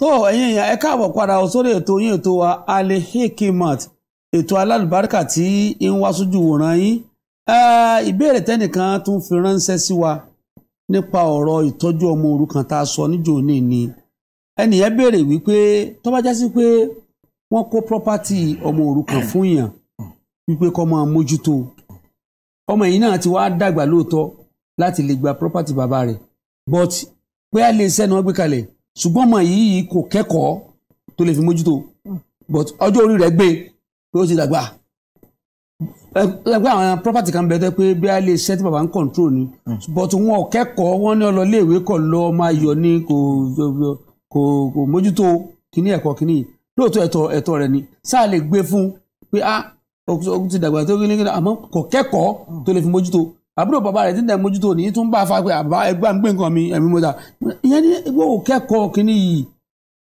tó ẹ̀yin èèyàn ẹ káàbọ̀ padà sórí ètò yín ètò wa Al-Hikmat ètò alálùbáríkà tí ń wá sójú wòran yín ìbéèrè tẹ́nìkan tún fi ránṣẹ́ sí wa nípa ọ̀rọ̀ ìtọ́jú ọmọ òrukàn tá a sọ níjò ní ni ẹnìyẹn béèrè wípé tó bá jásí pé wọ́n kó property ọmọ òrukàn fún yàn wípé kó máa mójútó ọmọ yìí náà ti wá dàgbà lóòótọ́ láti lè gba property bàbá rẹ̀ but pé a lè sẹ́nu wọn ṣùgbọ́n ọmọ yìí kò kẹ́kọ̀ọ́ tó lè fi mójútó but ọjọ́ orí rẹ̀ gbé pé ó ti dàgbà ẹgbẹ́ àwọn property kan bẹ̀rẹ̀ pé bí a lè ṣe baba ń control ni hmm. but wọn ò kẹ́kọ̀ọ́ wọn ní ọlọ iléèwé kọ̀ lọ ọmọ ayọ̀ ni kò kò kò mójútó kíní ẹ̀kọ́ kíní lóòótọ́ ẹ̀tọ́ rẹ̀ ni sáà lè gbé fún pé ah ó ti dàgbà tó kíní kíní àmọ́ kò kẹ́kọ̀ọ́ hmm. tó lè fi mójútó àbúrò bàbá rẹ̀ tí ń tẹ̀ mójútó ní tún bá fa pé àbá ẹgbà ń gbé nǹkan mi ẹ̀mí mo ta ìyẹn ní ìwọ ò kẹ́kọ̀ọ́ kínní yìí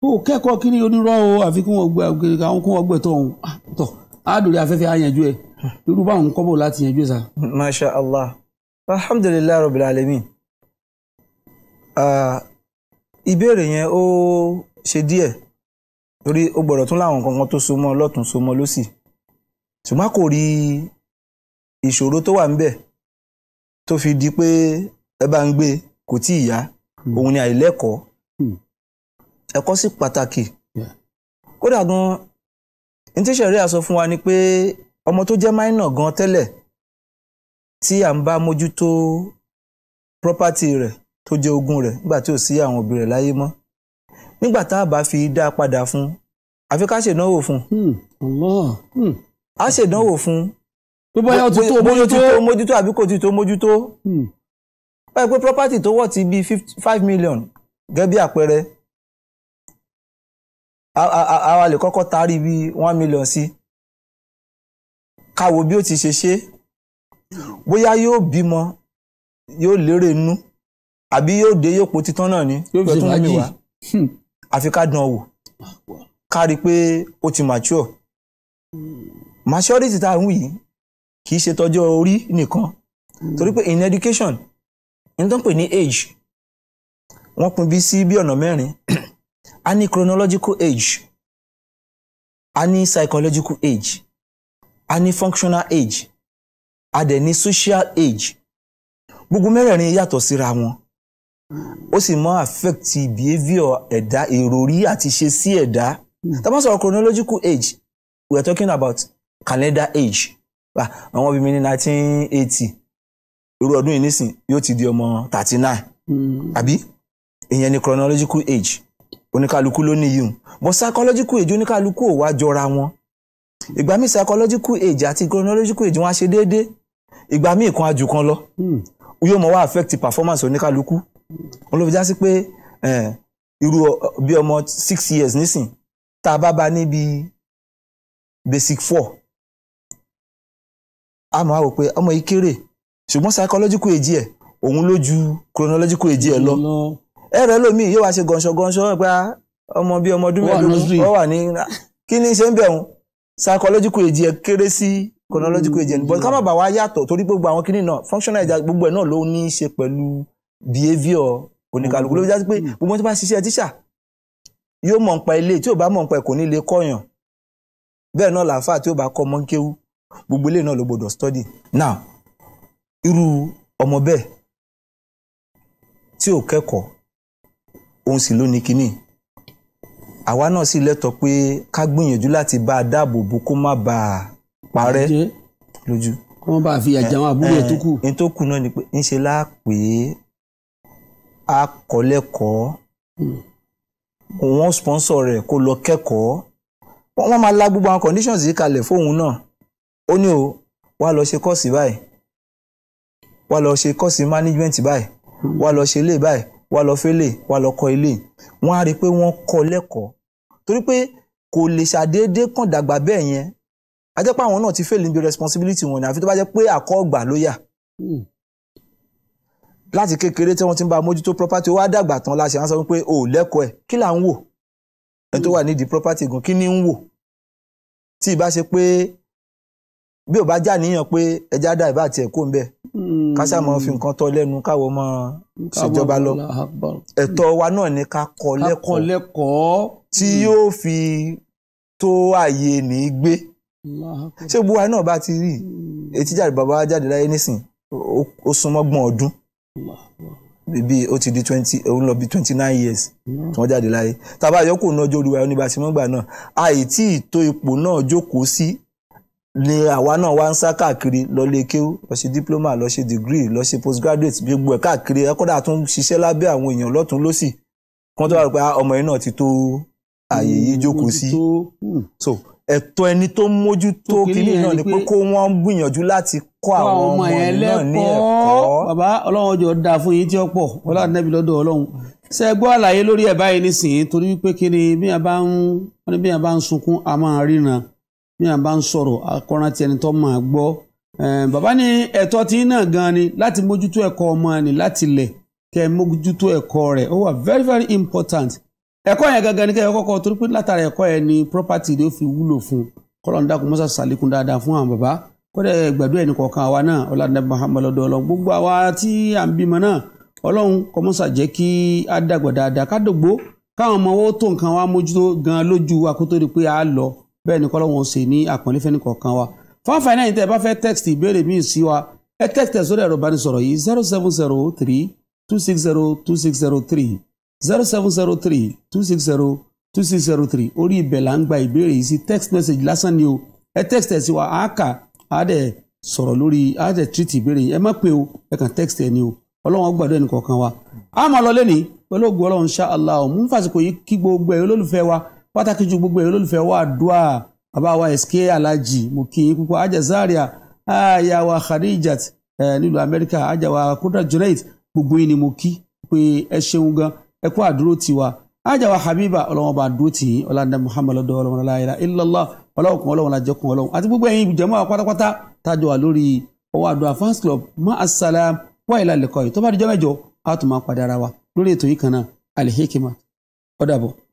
ó kẹ́kọ̀ọ́ kínní onírọ́ o àfi kún ọgbẹ́ àwọn kún ọgbẹ́ tó ọ̀hún tọ̀ àádùrí ah, afẹ́fẹ́ àyànjú ẹ̀ irú báwọn kọ́ bò láti yànjú ẹ̀ sá. masha allah alhamdulilayi rabbil alamin ah, ìbéèrè yẹn ó ṣe díẹ̀ torí ó gbọ́dọ̀ tún láwọn kankan tó so mọ́ lọ́tún so mọ́ lọ́sì ṣùgbọ́n kò rí ìṣòro tó wà níbẹ̀ tó fi di pé ẹ bá ń gbé kò tí ì yá hmm. òun ni àìlẹ́kọ̀ọ́ hmm. ẹ̀kọ́ sì pàtàkì kódà gan n tí sẹ̀rí àsọ fún wa ni pé ọmọ tó jẹ́ minor gan tẹ́lẹ̀ tí à ń bá mójútó property rẹ̀ tó jẹ́ ogún rẹ̀ nígbà tí ò sí àwọn òbí rẹ̀ láyé mọ́ nígbà tá a bá fi dá padà fún àfi ká ṣèdánwò fún hmm. a ṣèdánwò fún pé bóyá ó ti tó mójútó mójútó àbí kò ti tó mójútó báyìí hmm. pé property tó wọ̀ ti bí five million gẹ́gẹ́ bí àpẹẹrẹ àwa lè kọ́kọ́ taari bí one million sí ká wo bí ó ti ṣe ṣe bóyá yóò bímọ yóò lérè inú àbí yóò dé yóò po títán náà ni yóò fi ṣèwádìí wá hmm. àfi ká dán wò ah, ká rí i pé ó ti mature hmm. maturity tá a ń wù yìí kì í ṣe tọjọ́ orí nìkan torí pé in education in tó ń pè ní age wọ́n pín bí sí bí ọ̀nà mẹ́rin a ní chronological age a ní psychological age a ní functional age a dẹ̀ ní social age gbogbo mẹ́rẹ̀ẹ̀rin yàtọ̀ síra wọn ó sì mọ affect behaviour ẹ̀dá èròrí àti ṣe sí ẹ̀dá tá a bá sọ̀rọ̀ chronological age we are talking about calendar age Ah, àwọn bí mi ní nineteen eighty irú ọdún yìí nísìn yóò ti di ọmọ thirty nine hmm. àbí ìyẹn ni chronological age oníkálukú ló ní yìí but psychological age oníkálukú ò wá jọra wọn ìgbà míì psychological age àti chronological age wọn á ṣe déédéé ìgbà míì kan àjù kan lọ hmm. yóò mọ wá affect performance oníkálukú wọn ló fi já sí pé eh, irú bí ọmọ six years nísìn tá a bá ba níbi basic four a máa wò pé ọmọ yìí kéré ṣùgbọ́n psychological age ẹ̀ òun ló ju chronological age ẹ̀ lọ ẹ rẹ lómi yóò wá ṣe gànṣọ gànṣọ pé ah, ọmọ bíi ọmọ ọdún mẹ́ẹ̀ẹ́dógún ọ wà ní kí ni ṣe ń bẹ̀ wọ́n psychological age ẹ̀ kéré sí chronological age ẹ̀ but ká má bàa wá yàtọ̀ torí gbogbo àwọn kíní náà functional age gbogbo ẹ̀ náà ló ní í ṣe pẹ̀lú behaviour oníkàlùkù ló fi jásí pé mm. gbogbo tó bá ṣiṣẹ́ tíṣà yóò mọ̀ nípa ilé tí ò bá mọ̀ nípa ẹ̀ ní lè kọ́yàn bẹ́ẹ̀ náà làáfà tí ò bá kọ́ mọ́ gbogbo eléyìí náà ló gbọdọ̀ study now irú ọmọ bẹ́ẹ̀ tí ò kẹ́kọ̀ọ́ òun sì ló ní kínní àwa náà sì lẹ́tọ̀ọ́ pé ká gbìyànjú láti bá a dáàbò bo kó má bà á parẹ́ lójú. kó má bàa fi àjà wọn àbúrò ẹ̀ tó kù. ẹ̀ tó kù náà ni pé ńṣe la pè a kọ́ lẹ́kọ̀ọ́ hmm. wọ́n sponsor rẹ̀ kó lọ kẹ́kọ̀ọ́ wọ́n máa la gbogbo àwọn conditions yìí kalẹ̀ fóun náà ó ní o wá lọ ṣe kọ́ọ̀sì báyìí wá lọ ṣe kọ́ọ̀sì management báyìí wá lọ ṣe ilé báyìí wá lọ fẹ́lẹ̀ wá lọ kọ́ ilé wọ́n á rí i pé wọ́n kọ́ lẹ́kọ̀ọ́ torí pé kò lè ṣàdédé kàn dàgbà bẹ́ẹ̀ yẹn a àwọn náà ti fail níbi responsibility wọn ni àfi tó bá jẹ́ pé àkọ́gbà ló yà hmm. láti kékeré tí wọ́n ti ń bá mójútó property wá dàgbà tán láṣẹ wọn sọ wípé o ò lẹ́kọ̀ọ́ ẹ̀ kí là ń wò ẹni tó wà nídìí property gan kí ni ń wò tí ì bá ṣe pé bí ò bá já níyàn pé ẹja dá ìbá tiẹ̀ kó ń bẹ̀ hmm. kásá mọ fi nǹkan tọ́ lẹ́nu káwọ́ mọ ṣèjọba lọ ẹ̀tọ́ wa náà ni ká kọ́ lẹ́kọ̀ọ́ tí hmm. yóò fi tó ààyè ní í gbé ṣé gbogbo wa náà bá ti rí etí hmm. jáde bàbá jáde láyé nísìn ó súnmọ́ gbọ̀n ọdún bíbí ó ti di twenty òun lọ bí twenty nine years tí wọ́n jáde láyé tàbá àyọkù náà jó olùwà oníbàṣẹ́mọ́gbà náà àìtí ìtó ipò náà jókòó sí ni àwa náà wá ń sá káàkiri lọ lè kéwú lọ ṣe diploma lọ ṣe degree lọ ṣe postgraduate bí gbogbo ẹ̀ káàkiri ẹ̀kọ́dà tún ṣiṣẹ́ lábẹ́ àwọn èèyàn lọ́tún lọ́sì kí wọ́n tó wà pé ah, ọmọ yìí náà ti tó ààyè yìí jókòó sí so ẹ̀tọ́ ẹni tó mójútó kínní náà ni pé kó wọ́n gbìyànjú láti kọ́ àwọn ọmọ yẹn náà ní ẹ̀kọ́. bàbá ọlọ́run ọjọ́ dáa fún yín tí ó pọ̀ ọlọ́run nẹ́bí lọ́dọ̀ ọlọ́run ṣe gbọ́ àlàyé lórí ẹ̀ báyìí nísìnyí torí pé kí ni bí a bá ń sunkún a máa ríran ní à ń bá ń sọ̀rọ̀ akọ́rántí ẹni tó máa gbọ́ bàbá ní ẹ̀tọ́ tí náà gan ni láti mójútó ẹ̀kọ́ ọmọ ni láti lẹ̀ kẹ́ ẹ mójútó ẹ̀kọ́ rẹ̀ ó wà very very important ẹ̀kọ́ yẹn gangan ni kẹ́ ẹ kọ́kọ́ torí pé látara ẹ̀kọ́ yẹn ni property ló fi wúlò fún kọ́lọ́n dákun mọ́sá sàlékún dáadáa fún àwọn bàbá kọ́dẹ̀ gbàdúrà ẹni kọ̀ọ̀kan àwa náà ọ̀làdá muhammed ọ̀dọ̀ ọlọ́run gbogbo àwa tí à ń bímọ náà ọlọ́run kọ́mọ́sà jẹ́ kí á dàgbà dáadáa ká dògbó káwọn ọmọ owó tó nǹkan wa mójútó gan lójú wa kó pé a lọ bẹ́ẹ̀ ni kọ́lọ́wọ́n ń ṣe ní àpọ́nlé fẹ́ni kọ̀ọ̀kan wa fáfáì náà yìí tẹ́ ẹ bá fẹ́ text ìbéèrè míì sí wa ẹ text ẹ sórí ẹ̀rọ ìbánisọ̀rọ̀ yìí zero seven zero three two six zero two six zero three zero seven zero three two six zero two six zero three orí ibẹ̀ là ń gba ìbéèrè yìí sí text message lásán ni o ẹ text ẹ sí wa àákà àádẹ́ sọ̀rọ̀ lórí àádẹ́ treat ìbéèrè yìí ẹ má pé o ẹ kàn text ẹ ni o ọlọ́wọ́n gbàdúrà ẹnì kọ̀ọ̀kan wa a máa lọ lẹ́ni pẹ̀lú ògùn ọlọ́run ṣá aláwọ̀ mú fàsìkò yìí kí gbogbo ẹ̀ olólùfẹ́ wa pàtàkì ju gbogbo ẹ̀ olólùfẹ́ wa àdúà bàbá wa SK Alhaji mo kí i púpọ̀ ajá Zaria aya wa Khadijat eh, nílùú Amẹ́ríkà ajá wa Kudrat Junaid gbogbo yìí ni mo kí pé ẹ ṣeun gan ẹ àdúró tiwa ajá wa Habiba ọlọ́wọ́n bá dúró tì í ọlọ́dà Muhammad ọdọ ọlọ́wọ́n láyéra illallah ọlọ́wọ́ kan ọlọ́wọ́n lájọ kan ọlọ́wọ́n àti gbogbo ẹ̀yin ìjọba pátápátá tájọ wà lórí ọwọ́ àdúrà fans club ma'asalam wáyé lálẹ́kọ̀ọ́ yìí tó bá dijọ́ mẹ́jọ á tún máa padà ara wa lórí ètò yìí kan náà Al Hikmat